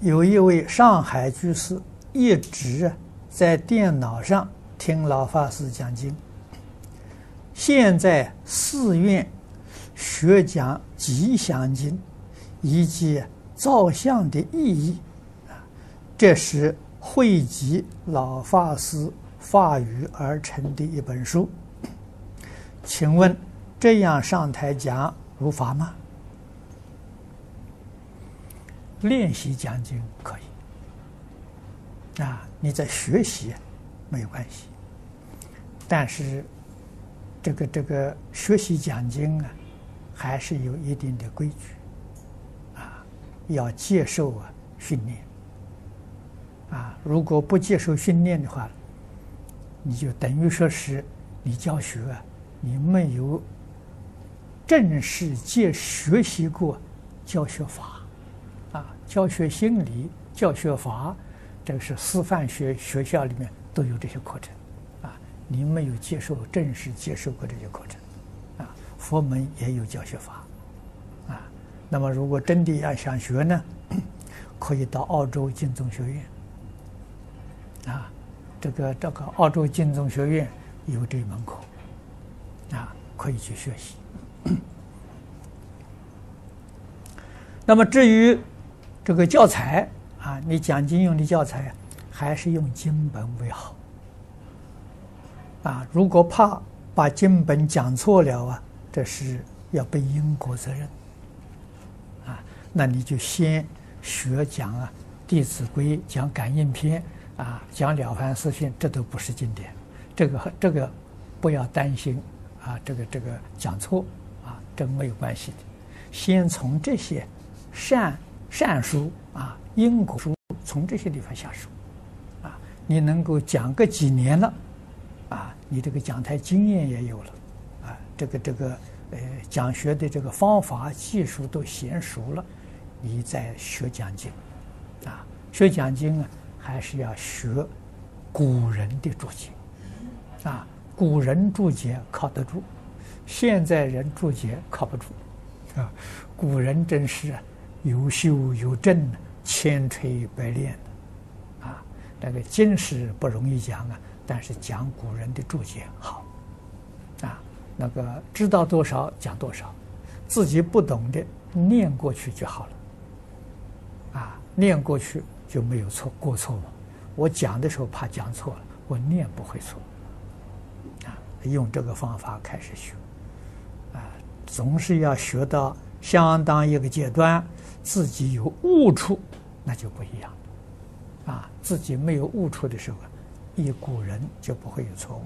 有一位上海居士，一直在電腦上聽老法師講經。現在寺院學講《吉祥經》，以及造像的意義，這是匯集老法師法語而成的一本書。請問這樣上台講如法嗎？練習講經可以，啊，你在學習沒有關係，但是這個這個學習講經啊，還是有一定的規矩，啊，要接受啊訓練，啊，如果不接受訓練的話，你就等於說是你教學，啊，你沒有正式借學習過教學法。教學心理、教學法，這個是師範學學校裡面都有這些課程，啊，你沒有接受正式接受過這些課程，啊，佛門也有教學法，啊，那麼如果真的要想學呢，可以到澳洲淨宗學院，啊，這個這個澳洲淨宗學院有這門課，啊，可以去學習。嗯、那麼至於，這個教材啊，你講經用的教材還是用經本為好啊。如果怕把經本講錯了啊，這是要背因果責任啊。那你就先學講啊，《弟子規》講感應篇啊，講《了凡四訓》，這都不是經典。這個這個不要擔心啊，這個這個講錯啊都沒有關係的。先從這些善，善書啊，因果書，從這些地方下手，啊，你能夠講個幾年了，啊，你這個講台經驗也有了，啊，這個這個呃講學的這個方法技術都嫻熟了，你再學講經，啊，學講經啊，還是要學古人的注解，啊，古人注解靠得住，現在人注解靠不住，啊，古人真是啊。有修有證，千錘百煉的，啊，那個經是不容易講啊，但是講古人的注解好，啊，那個知道多少講多少，自己不懂的念過去就好了，啊，念過去就沒有錯過錯嘛。我講的時候怕講錯了，我念不會錯，啊，用這個方法開始學，啊，總是要學到。相當一個階段，自己有悟處，那就不一樣。啊，自己沒有悟處的時候，依古人就不會有錯誤。